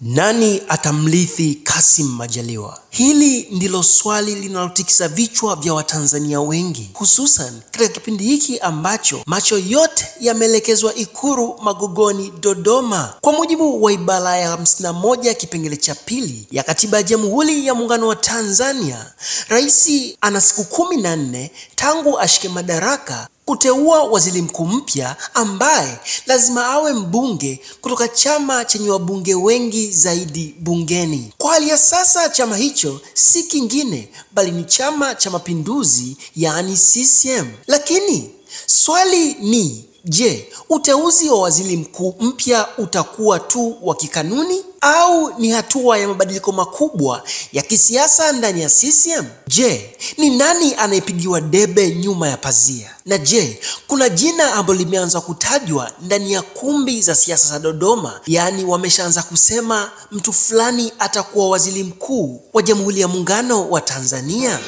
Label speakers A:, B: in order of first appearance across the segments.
A: Nani atamrithi Kassim Majaliwa? Hili ndilo swali linalotikisa vichwa vya Watanzania wengi, hususan katika kipindi hiki ambacho macho yote yameelekezwa Ikulu Magogoni, Dodoma. Kwa mujibu wa ibara ya 51 kipengele cha pili ya Katiba ya Jamhuri ya Muungano wa Tanzania, rais ana siku kumi na nne tangu ashike madaraka kuteua waziri mkuu mpya ambaye lazima awe mbunge kutoka chama chenye wabunge wengi zaidi bungeni. Kwa hali ya sasa, chama hicho si kingine bali ni Chama cha Mapinduzi, yaani CCM. Lakini swali ni je, uteuzi wa waziri mkuu mpya utakuwa tu wa kikanuni au ni hatua ya mabadiliko makubwa ya kisiasa ndani ya CCM? Je, ni nani anayepigiwa debe nyuma ya pazia? Na je, kuna jina ambalo limeanza kutajwa ndani ya kumbi za siasa za Dodoma? Yaani wameshaanza kusema mtu fulani atakuwa waziri mkuu wa Jamhuri ya Muungano wa Tanzania?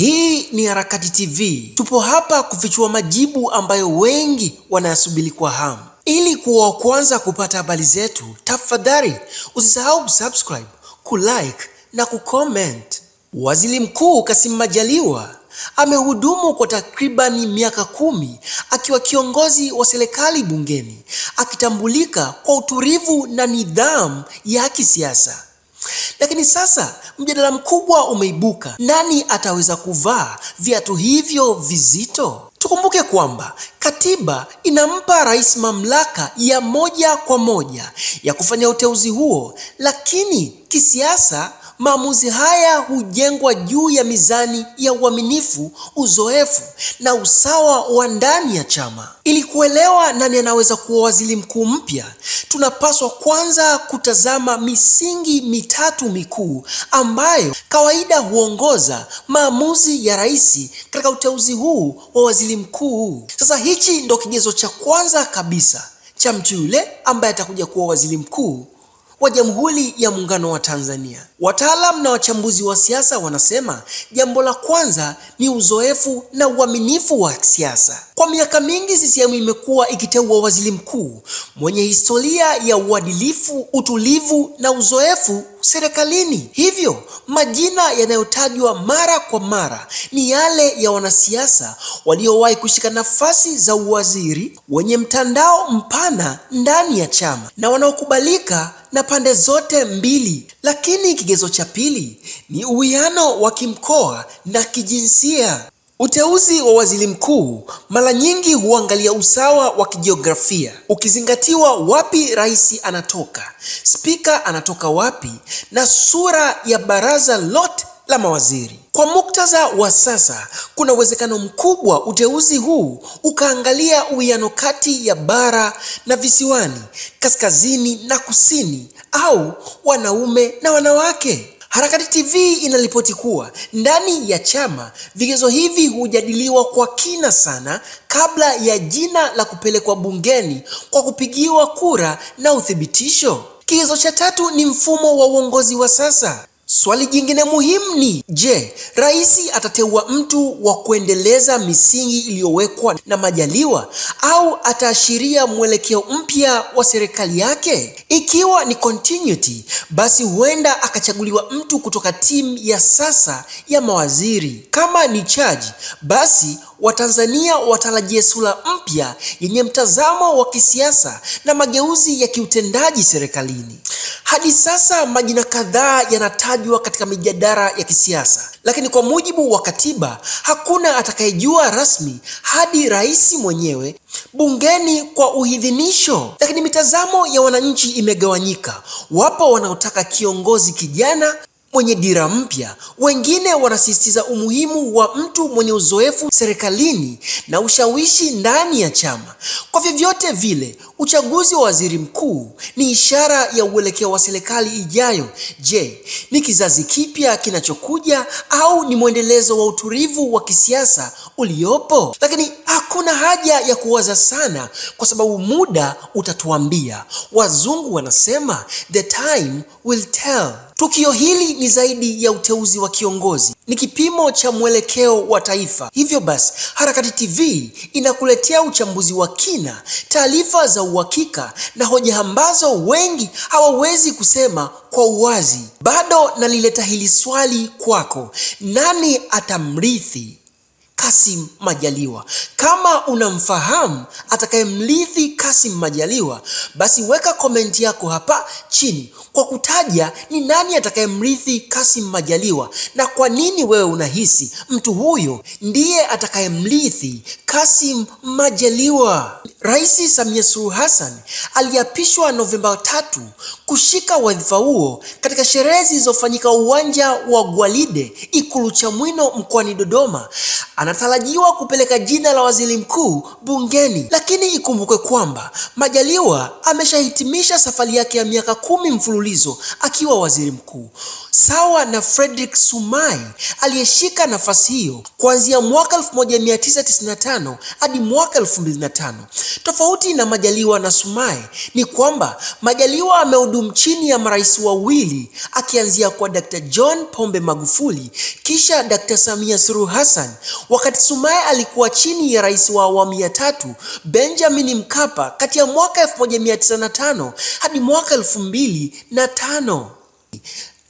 A: Hii ni Harakati TV. Tupo hapa kufichua majibu ambayo wengi wanayasubiri kwa hamu. Ili kuwa wa kwanza kupata habari zetu, tafadhali usisahau kusubscribe, kulike na kucomment. Waziri Mkuu Kassim Majaliwa amehudumu kwa takribani miaka kumi akiwa kiongozi wa serikali bungeni, akitambulika kwa utulivu na nidhamu ya kisiasa. Lakini sasa mjadala mkubwa umeibuka, nani ataweza kuvaa viatu hivyo vizito? Tukumbuke kwamba katiba inampa rais mamlaka ya moja kwa moja ya kufanya uteuzi huo, lakini kisiasa Maamuzi haya hujengwa juu ya mizani ya uaminifu, uzoefu na usawa wa ndani ya chama. Ili kuelewa nani anaweza kuwa waziri mkuu mpya, tunapaswa kwanza kutazama misingi mitatu mikuu ambayo kawaida huongoza maamuzi ya rais katika uteuzi huu wa waziri mkuu. Sasa hichi ndo kigezo cha kwanza kabisa cha mtu yule ambaye atakuja kuwa waziri mkuu wa Jamhuri ya Muungano wa Tanzania. Wataalam na wachambuzi wa siasa wanasema jambo la kwanza ni uzoefu na uaminifu wa siasa. Kwa miaka mingi CCM imekuwa ikiteua waziri mkuu mwenye historia ya uadilifu, utulivu na uzoefu serikalini. Hivyo majina yanayotajwa mara kwa mara ni yale ya wanasiasa waliowahi kushika nafasi za uwaziri, wenye mtandao mpana ndani ya chama na wanaokubalika na pande zote mbili, lakini Kigezo cha pili ni uwiano wa kimkoa na kijinsia. Uteuzi wa waziri mkuu mara nyingi huangalia usawa wa kijiografia, ukizingatiwa wapi rais anatoka, spika anatoka wapi, na sura ya baraza lote la mawaziri. Kwa muktadha wa sasa, kuna uwezekano mkubwa uteuzi huu ukaangalia uwiano kati ya bara na visiwani, kaskazini na kusini, au wanaume na wanawake. Harakati TV inaripoti kuwa ndani ya chama vigezo hivi hujadiliwa kwa kina sana kabla ya jina la kupelekwa bungeni kwa kupigiwa kura na uthibitisho. Kigezo cha tatu ni mfumo wa uongozi wa sasa. Swali jingine muhimu ni je, rais atateua mtu wa kuendeleza misingi iliyowekwa na Majaliwa au ataashiria mwelekeo mpya wa serikali yake? Ikiwa ni continuity, basi huenda akachaguliwa mtu kutoka timu ya sasa ya mawaziri. Kama ni chaji, basi Watanzania watarajie sura mpya yenye mtazamo wa kisiasa na mageuzi ya kiutendaji serikalini. Hadi sasa majina kadhaa yanatajwa katika mijadala ya kisiasa, lakini kwa mujibu wa katiba hakuna atakayejua rasmi hadi rais mwenyewe bungeni kwa uidhinisho. Lakini mitazamo ya wananchi imegawanyika. Wapo wanaotaka kiongozi kijana mwenye dira mpya. Wengine wanasisitiza umuhimu wa mtu mwenye uzoefu serikalini na ushawishi ndani ya chama. Kwa vyovyote vile, uchaguzi wa waziri mkuu ni ishara ya uelekeo wa serikali ijayo. Je, ni kizazi kipya kinachokuja au ni mwendelezo wa utulivu wa kisiasa uliopo, lakini hakuna haja ya kuwaza sana, kwa sababu muda utatuambia. Wazungu wanasema the time will tell. Tukio hili ni zaidi ya uteuzi wa kiongozi, ni kipimo cha mwelekeo wa taifa. Hivyo basi, Harakati TV inakuletea uchambuzi wa kina, taarifa za uhakika na hoja ambazo wengi hawawezi kusema kwa uwazi. Bado nalileta hili swali kwako, nani atamrithi Kasim Majaliwa. Kama unamfahamu atakayemrithi Kasim Majaliwa, basi weka komenti yako hapa chini kwa kutaja ni nani atakayemrithi Kasim Majaliwa na kwa nini wewe unahisi mtu huyo ndiye atakayemrithi Kasim Majaliwa. Rais Samia Suluhu Hassan aliapishwa Novemba tatu kushika wadhifa huo katika sherehe zilizofanyika uwanja wa Gwalide Ikulu Chamwino mkoani Dodoma. Ana anatarajiwa kupeleka jina la waziri mkuu bungeni, lakini ikumbukwe kwamba Majaliwa ameshahitimisha safari yake ya miaka kumi mfululizo akiwa waziri mkuu, sawa na Frederick Sumai aliyeshika nafasi hiyo kuanzia mwaka 1995 hadi mwaka 2005. Tofauti na Majaliwa na Sumai ni kwamba Majaliwa amehudumu chini ya marais wawili akianzia kwa Dr. John Pombe Magufuli kisha Dr. Samia Suluhu Hassan. Wakati Sumaye alikuwa chini ya rais wa awamu ya tatu Benjamin Mkapa kati ya mwaka 1905 hadi mwaka 2005.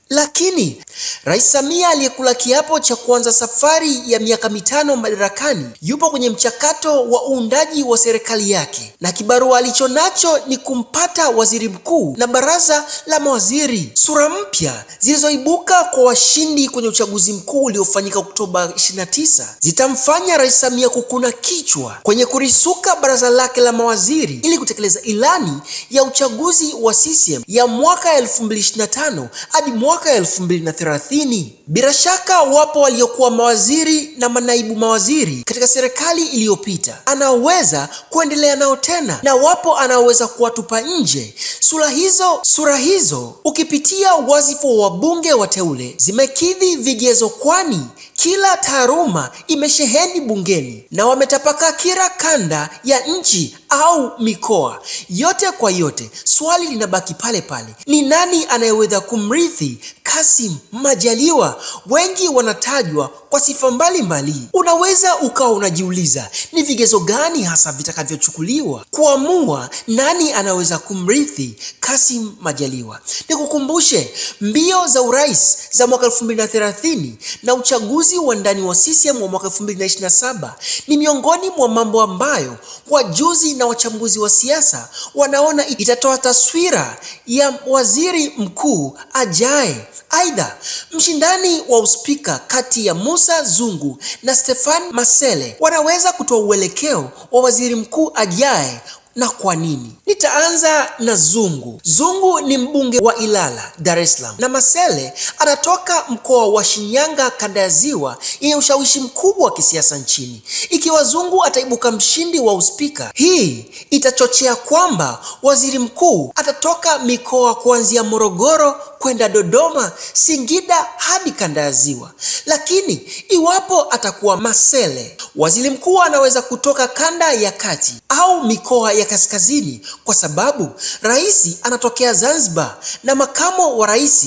A: lakini Rais Samia aliyekula kiapo cha kuanza safari ya miaka mitano madarakani yupo kwenye mchakato wa uundaji wa serikali yake, na kibarua alicho nacho ni kumpata waziri mkuu na baraza la mawaziri. Sura mpya zilizoibuka kwa washindi kwenye uchaguzi mkuu uliofanyika Oktoba 29 zitamfanya Rais Samia kukuna kichwa kwenye kurisuka baraza lake la mawaziri ili kutekeleza ilani ya uchaguzi wa CCM ya mwaka 2025 hadi mwaka 2030 thelathini. Bila shaka wapo waliokuwa mawaziri na manaibu mawaziri katika serikali iliyopita, anaweza kuendelea nao tena, na wapo anaoweza kuwatupa nje. Sura hizo sura hizo ukipitia wazifu wa wabunge wateule zimekidhi vigezo, kwani kila taaruma imesheheni bungeni na wametapaka kila kanda ya nchi au mikoa. Yote kwa yote, swali linabaki pale pale, ni nani anayeweza kumrithi Kassim Majaliwa wengi wanatajwa kwa sifa mbalimbali mbali. Unaweza ukawa unajiuliza ni vigezo gani hasa vitakavyochukuliwa kuamua nani anaweza kumrithi Kassim Majaliwa. Nikukumbushe mbio za urais za mwaka 2030 na uchaguzi wa ndani wa CCM wa mwaka 2027 ni miongoni mwa mambo ambayo wajuzi na wachambuzi wa siasa wanaona itatoa taswira ya waziri mkuu ajaye. Aidha, Mshindani wa uspika kati ya Musa Zungu na Stefan Masele wanaweza kutoa uelekeo wa waziri mkuu ajaye na kwa nini. Nitaanza na Zungu. Zungu ni mbunge wa Ilala, Dar es Salaam, na Masele anatoka mkoa wa Shinyanga, kanda ya Ziwa, yenye ushawishi mkubwa wa kisiasa nchini. Ikiwa Zungu ataibuka mshindi wa uspika, hii itachochea kwamba waziri mkuu atatoka mikoa kuanzia Morogoro kwenda Dodoma, Singida hadi kanda ya Ziwa. Lakini iwapo atakuwa Masele, waziri mkuu anaweza kutoka kanda ya kati au mikoa ya kaskazini, kwa sababu rais anatokea Zanzibar na makamo wa rais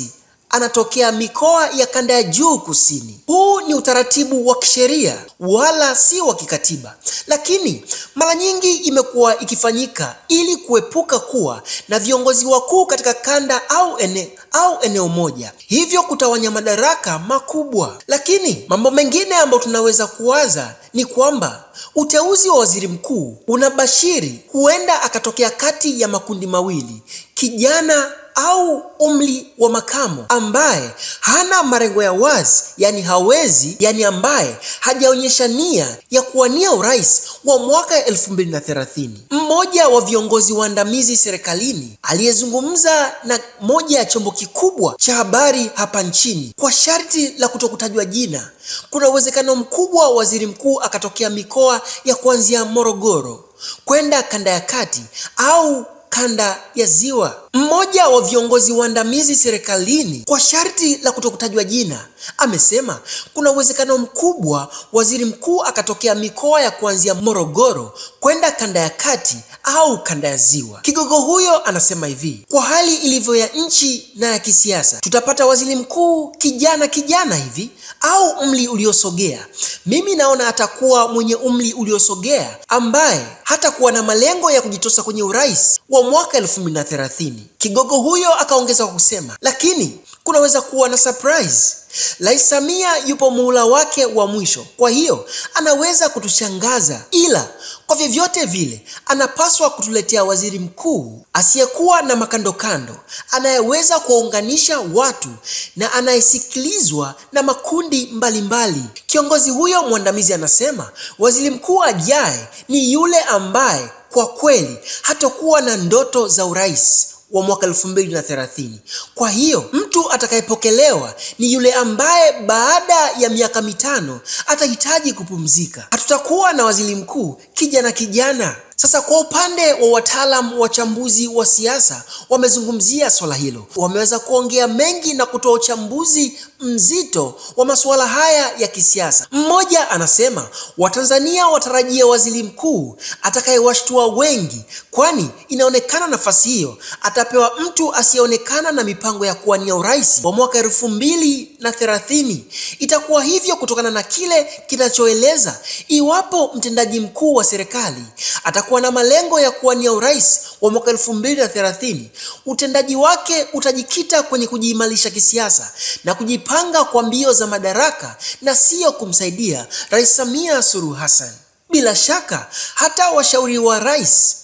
A: anatokea mikoa ya kanda ya juu kusini. Huu ni utaratibu wa kisheria wala si wa kikatiba, lakini mara nyingi imekuwa ikifanyika ili kuepuka kuwa na viongozi wakuu katika kanda au eneo au eneo moja, hivyo kutawanya madaraka makubwa. Lakini mambo mengine ambayo tunaweza kuwaza ni kwamba uteuzi wa waziri mkuu unabashiri huenda akatokea kati ya makundi mawili, kijana au umri wa makamo ambaye hana malengo ya wazi, yani hawezi, yani ambaye hajaonyesha nia ya kuwania urais wa mwaka 2030. Mmoja wa viongozi waandamizi serikalini aliyezungumza na moja ya chombo kikubwa cha habari hapa nchini kwa sharti la kutokutajwa jina, kuna uwezekano mkubwa waziri mkuu akatokea mikoa ya kuanzia Morogoro kwenda kanda ya kati au kanda ya ziwa mmoja wa viongozi waandamizi serikalini kwa sharti la kutokutajwa jina amesema kuna uwezekano mkubwa waziri mkuu akatokea mikoa ya kuanzia Morogoro kwenda kanda ya kati au kanda ya ziwa. Kigogo huyo anasema hivi, kwa hali ilivyo ya nchi na ya kisiasa, tutapata waziri mkuu kijana kijana hivi au umri uliosogea. Mimi naona atakuwa mwenye umri uliosogea ambaye hatakuwa na malengo ya kujitosa kwenye urais wa mwaka elfu mbili na thelathini. Kigogo huyo akaongeza kwa kusema, lakini kunaweza kuwa na surprise. Rais Samia yupo muhula wake wa mwisho, kwa hiyo anaweza kutushangaza, ila kwa vyovyote vile anapaswa kutuletea waziri mkuu asiyekuwa na makandokando, anayeweza kuwaunganisha watu na anayesikilizwa na makundi mbalimbali mbali. Kiongozi huyo mwandamizi anasema waziri mkuu ajaye ni yule ambaye kwa kweli hatokuwa na ndoto za urais wa mwaka elfu mbili na thelathini. Kwa hiyo mtu atakayepokelewa ni yule ambaye baada ya miaka mitano atahitaji kupumzika. Hatutakuwa na waziri mkuu kijana kijana sasa kwa upande wa wataalam wachambuzi wa siasa wamezungumzia swala hilo, wameweza kuongea mengi na kutoa uchambuzi mzito wa masuala haya ya kisiasa. Mmoja anasema Watanzania watarajia waziri mkuu atakayewashtua wengi, kwani inaonekana nafasi hiyo atapewa mtu asiyeonekana na mipango ya kuwania urais wa mwaka elfu mbili na thelathini. Itakuwa hivyo kutokana na kile kinachoeleza iwapo mtendaji mkuu wa serikali atakuwa wana malengo ya kuwania urais wa mwaka elfu mbili na thelathini, utendaji wake utajikita kwenye kujiimarisha kisiasa na kujipanga kwa mbio za madaraka na siyo kumsaidia Rais Samia Suluhu Hassan. Bila shaka hata washauri wa rais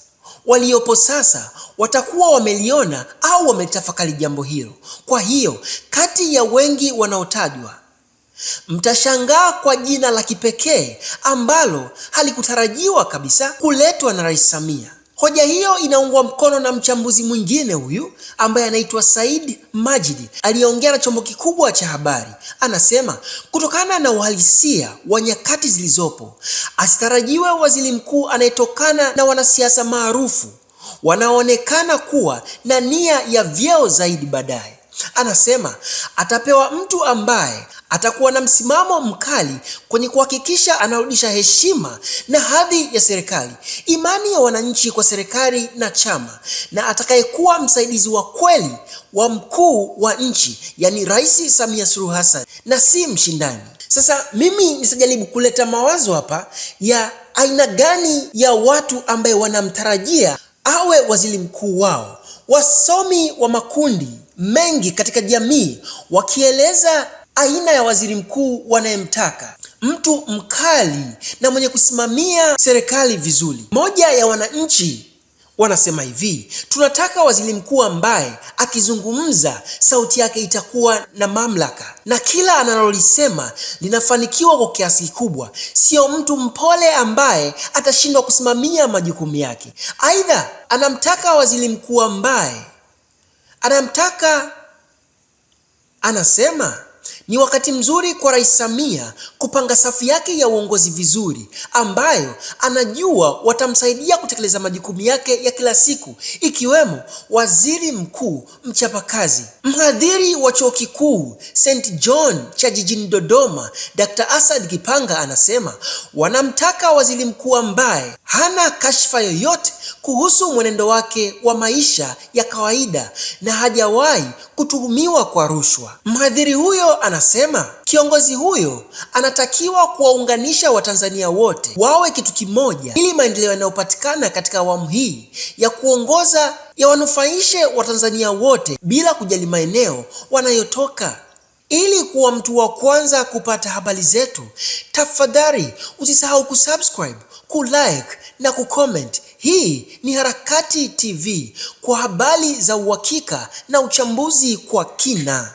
A: waliopo sasa watakuwa wameliona au wametafakari jambo hilo. Kwa hiyo kati ya wengi wanaotajwa Mtashangaa kwa jina la kipekee ambalo halikutarajiwa kabisa kuletwa na Rais Samia. Hoja hiyo inaungwa mkono na mchambuzi mwingine huyu ambaye anaitwa Said Majidi aliyeongea na chombo kikubwa cha habari. Anasema kutokana na uhalisia wa nyakati zilizopo, asitarajiwe waziri mkuu anayetokana na wanasiasa maarufu wanaoonekana kuwa na nia ya vyeo zaidi baadaye. Anasema atapewa mtu ambaye atakuwa na msimamo mkali kwenye kuhakikisha anarudisha heshima na hadhi ya serikali, imani ya wananchi kwa serikali na chama, na atakayekuwa msaidizi wa kweli wa mkuu wa nchi, yaani Rais Samia Suluhu Hassan, na si mshindani. Sasa mimi nisijaribu kuleta mawazo hapa ya aina gani ya watu ambaye wanamtarajia awe waziri mkuu wao, wasomi wa makundi mengi katika jamii wakieleza aina ya waziri mkuu wanayemtaka, mtu mkali na mwenye kusimamia serikali vizuri. Moja ya wananchi wanasema hivi, tunataka waziri mkuu ambaye akizungumza sauti yake itakuwa na mamlaka na kila analolisema linafanikiwa kwa kiasi kikubwa, sio mtu mpole ambaye atashindwa kusimamia majukumu yake. Aidha, anamtaka waziri mkuu ambaye anamtaka, anasema ni wakati mzuri kwa Rais Samia kupanga safu yake ya uongozi vizuri, ambayo anajua watamsaidia kutekeleza majukumu yake ya kila siku, ikiwemo waziri mkuu mchapakazi. Mhadhiri wa chuo kikuu St John cha jijini Dodoma, Dr. Asad Kipanga anasema wanamtaka waziri mkuu ambaye hana kashfa yoyote kuhusu mwenendo wake wa maisha ya kawaida na hajawahi kutuhumiwa kwa rushwa. Mhadhiri huyo anasema kiongozi huyo anatakiwa kuwaunganisha Watanzania wote wawe kitu kimoja, ili maendeleo yanayopatikana katika awamu hii ya kuongoza yawanufaishe Watanzania wote bila kujali maeneo wanayotoka. Ili kuwa mtu wa kwanza kupata habari zetu, tafadhali usisahau kusubscribe, kulike na kucomment hii ni Harakati TV kwa habari za uhakika na uchambuzi kwa kina.